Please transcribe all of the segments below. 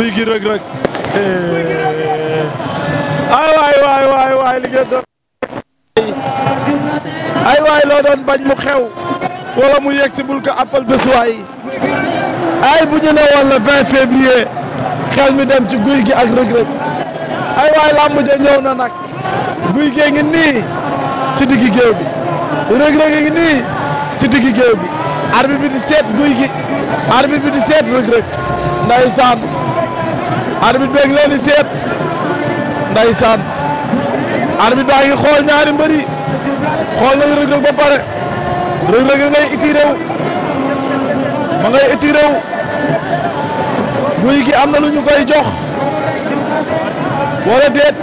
guy gi rëg rëg eh. ay waay waay waay waay li ngeen doon ay waay loo doon bañ mu xew wala mu yegg si bul ko appal bés waay ay bu ñu ne février xel mi dem ci guy gi ak rëg rëg ay waay làmb ja ñëw na nag guy gee ngi nii ci diggi géew bi rëg rëg ngi nii ci diggi géew bi arbitre bi guy gi arbitre bi di rëg rëg ndeysaan arbitre beeg leen seet ndeysaan arbitre baa ngi ñaari mbëri xool nañu Reug Reug ba pare Reug Reug ngay étiré ma ngay étiré guy gi am na lu ñu koy jox wala déet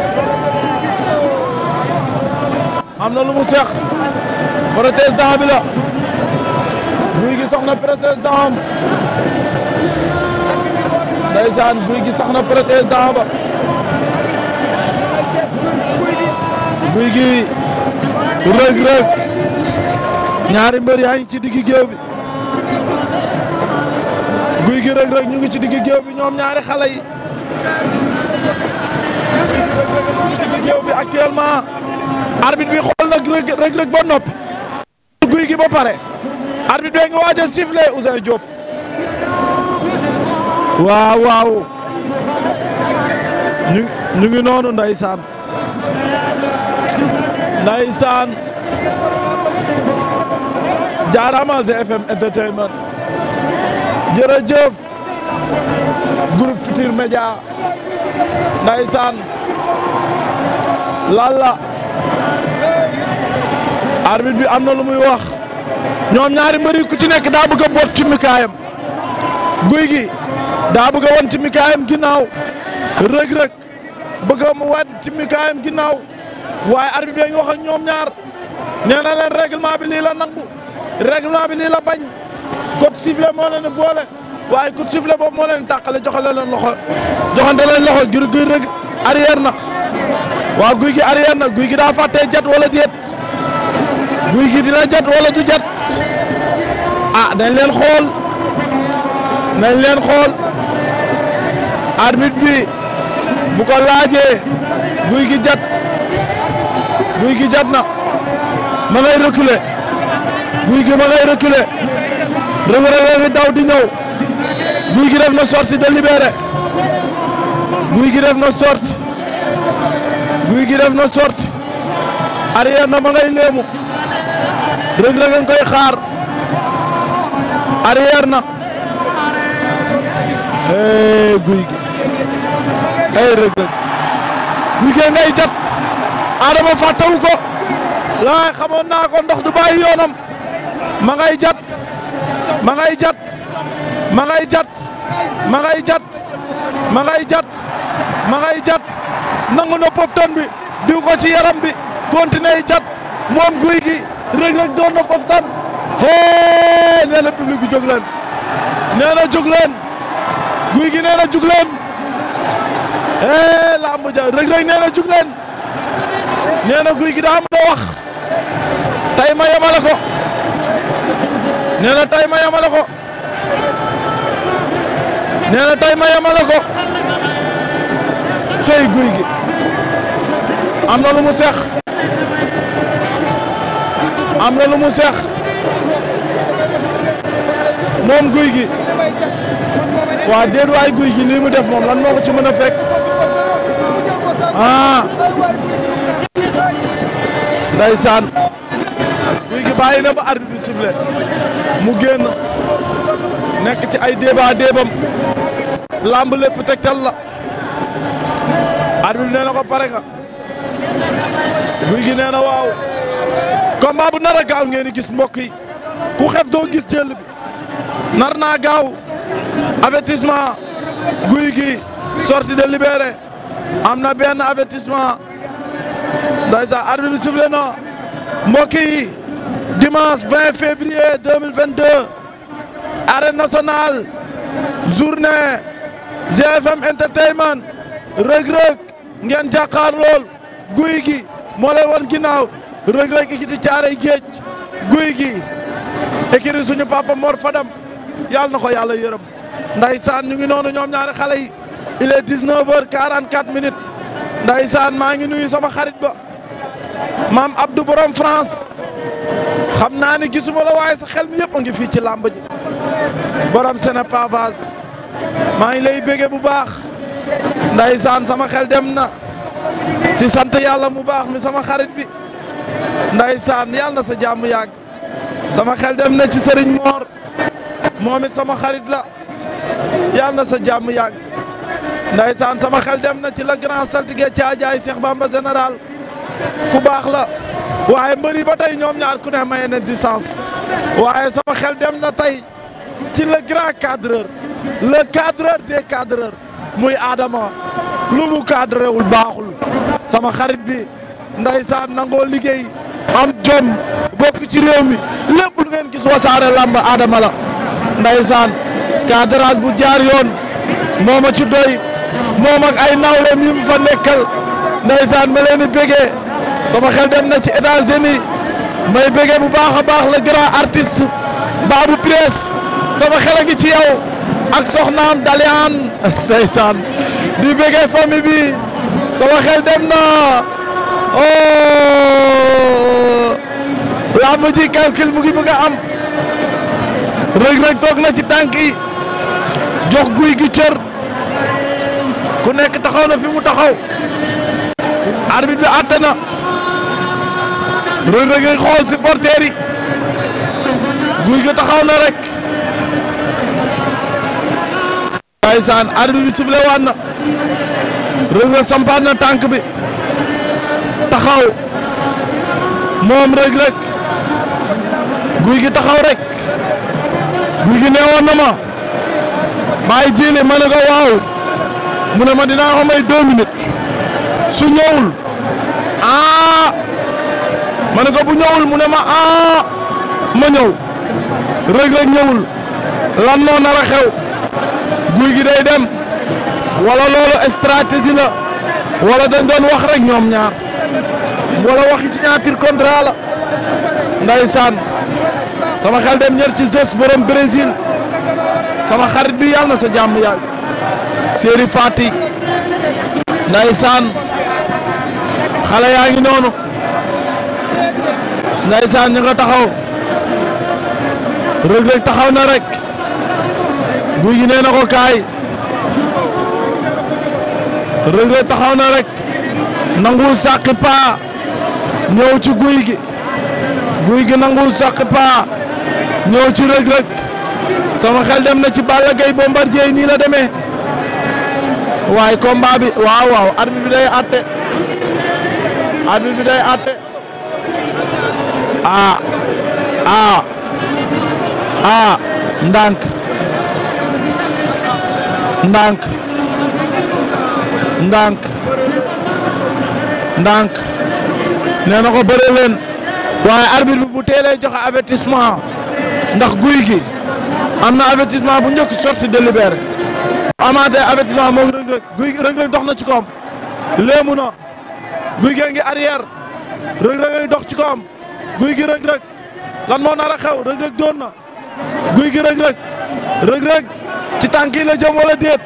am na lu mu seex protège guy gi soxna protège-dent ndeysaan guy gi sax na protège dent ba guy gi rëg rëg ñaari mbër yaa ngi ci diggi géew bi guy gi rëg rëg ñu ngi ci diggi géew bi ñoom ñaari xale yi diggi géew bi actuellement arbitre bi xool nag rëg rëg ba nopp guy gi ba pare arbitre bi nga waaj a sifflé Ousseynou Diop waaw waaw ñu ñu ngi noonu ndeysaan ndeysaan jaaraama GFM entertainment jërëjëf groupe Futur Média ndeysaan lalla arbitre bi am na lu muy wax ñoom ñaari mbëri ku ci nekk daa bëgg a boot ci mikaayam guy gi daa bëgg a wan ci mikaayam ginnaaw rëg-rëg bëgg a wan ci mikaayam ginnaaw waaye arbitre bi ngi wax ak ñoom ñaar nee leen règlement bi lii la nangu règlement bi lii la bañ code sifflet moo leen boole waaye code sifflet boobu moo leen tàqale joxale leen loxo joxante leen loxo Gris Gris rëg arrière na waa guy gi arrière na guy gi daa fàttee jat wala déet guy gi dina jet wala du jet ah dañ leen xool nañ leen xool arbitre bi bu ko laajee guy gi jat guy gi jat na ma ngay reculer guy gi ma ngay reculer rëg-rëg ngi daw di ñëw guy gi def na sortie délibérée guy gi def na sortie guy gi def na sortie arrière na ma ngay léemu rëg-rëg nga koy xaar arrière na hey guy gi hey rëg guy gee ngay jàpp Adama fàttawu ko laay xamoon naa ko ndox du bàyyi yoonam ma ngay jàpp ma ngay jàpp ma ngay jàpp ma ngay jàpp ma ngay nangu na bi diw ko ci yaram bi continuer jàpp moom guy gi rëg doon na poftan hey nee bi jóg leen nee guy gi nee na jug leen eh lamb ja Reug Reug guy gi daa am loo wax tay ma yemale ko nee na tay ma yemale ko nee na ma guy gi am na lu mu seex am na lu mu seex moom guy gi waa déet waay guy gi lii mu def moom lan moo ko ci mën a fekk ah ndeysaan guy gi bàyyi na ba arbitre bi mu génn nekk ci ay débat débam lamb lépp tegtal la arbitre bi na ko pare nga guy gi nee na waaw combat bu nar a gaaw ngeen di gis mbokk yi ku xef gis jël bi nar naa gaaw avertissement guy gi sortie de libéré am na benn avertissement dèjà arbitre bi sifflé na mbokk yi dimanche 20 février 2022 arène nationale journée GFM entertainment rëg-rëg ngeen jàkkaar lool guy gi moo lay wan ginnaaw rëg-rëg ikiti caaray géej guy gi ikiri suñu papa Mor Fadam yàlla na xoo yàlla yërëm ndaysaan ñu ngi noonu ñoom ñaari xale yi il est 19 heures 44 minutes ndaysaan maa ngi nuyu sama xarit ba maam Abdou Borom France xam naa ni gisuma la waaye sa xel mi yëpp a ngi fii ci làmb ji Borom Sene Pavage maa ngi lay bége bu baax ndaysaan sama xel dem na si sant yàlla mu baax mi sama xarit bi ndaysaan yàlla na sa jàmm yàgg sama xel dem na ci Serigne Mor moom sama xarit la yal na sa jàmm yàgg ndaysaan sama xel dem na ci la grand saltige caajaay Cheikh Bamba général ku baax la waaye mbëri ba tey ñoom ñaar ku ne maye na distance waaye sama xel dem na tey ci le grand cadreur le cadreur des cadreurs muy Adama lu mu cadrewul baaxul sama xarit bi ndaysaan nangoo liggéey am jom bokk ci réew mi lépp lu ngeen gis Wassare Lamb Adama la ndeysaan cadrage bu jaar yoon moom ci doy moom ak ay nawleem yi mu fa nekkal ndeysaan ma leen di bégee xel dem na ci États-Unis may bégee bu baax a baax le grand artiste Babou Presse sama xel a ngi ci ak soxnaam Dalian ndeysaan di bégee famille bi sama xel dem na oh lamb ji mu ngi bëgg Reug Reug toog na ci tànk yi jox guy gi cër ku nekk taxaw na fi mu taxaw arbitre bi àtte na Reug Reug xool supporter yi guy gi taxaw na rek ndeysaan arbitre bi sifflé waat na Reug Reug sampaat na tànk bi taxaw moom Reug Reug guy gi taxaw rek guy gi neewoon na ma bàyyi jiili ma ne ko mu ne ma dinaa ko may deux su ñëwul aa ah. ma ne ko bu ñëwul mu ne ma aa ah. ma ñëw Reug Reug ñëwul lan moo nar a xew guy gi day dem wala loolu stratégie la wala dañ doon wax rek ñoom ñaar wala waxi signature contrat la ndeysaan sama xel dem ñër ci Zeus borom Brésil sama xarit bi yàlla na sa jàmm yàgg Séeri Fatick ndaysaan xale yaa ngi noonu ndaysaan ñu nga taxaw Reug Reug taxaw na rek guy gi nee na ko kaay Reug na taxaw na rek nanguwul sàqi paa ñëw ci guy gi guy gi nanguwul sàqi paa ñëw ci Reug Reug sama xel dem na ci Balla Gaye Bombardier nii la demee waaye combat bi waaw waaw arbitre bi day atte arbitre bi day atte ah ah ah ndànk ndànk ndànk ndànk na ko bëre leen waaye arbitre bi bu teelee joxe avertissement ndax guy gi am na avertissement bu njëkk sortie de libéré amaatee avertissement moom rëg rëg guy gi rëg rëg dox na ci koom léemu na guy gi ngi arrière rëg rëg ngi dox ci koom guy gi rëg rëg lan moo nar a xew rëg rëg doon na guy gi rëg rëg rëg rëg ci tànk yi la jëm wala déet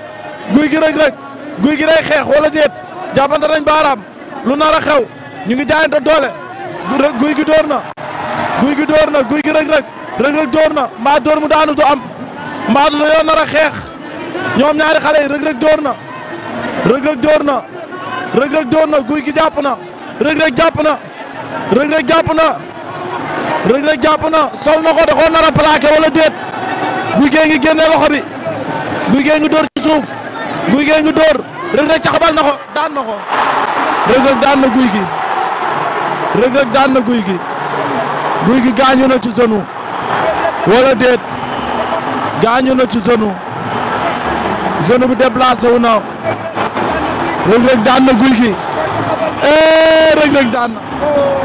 guy gi rëg rëg guy gi day xeex wala déet jàppante nañ baaraam lu nar a xew ñu ngi jaayante doole guy gi door na guy gi door na guy gi rëg rëg Reug Reug door na mbaa door mu daanu du am mbaa du dañoo nar a xeex ñoom ñaari xale yi Reug Reug door na Reug Reug door na Reug Reug door guy gi jàpp na Reug Reug jàpp na Reug Reug jàpp na Reug Reug jàpp na sol na ko da koo nar a plaqué wala déet guy gee ngi génne loxo bi guy gi ngi door ci suuf guy gee ngi door Reug Reug caxabal na ko daan na ko Reug Reug daan na guy gi Reug Reug guy gi guy gi gaañu na ci zone wala déet gaañu na ci zone zone bi déplacé wu na Reug Reug daan na Gouye Gui eh Reug Reug daan na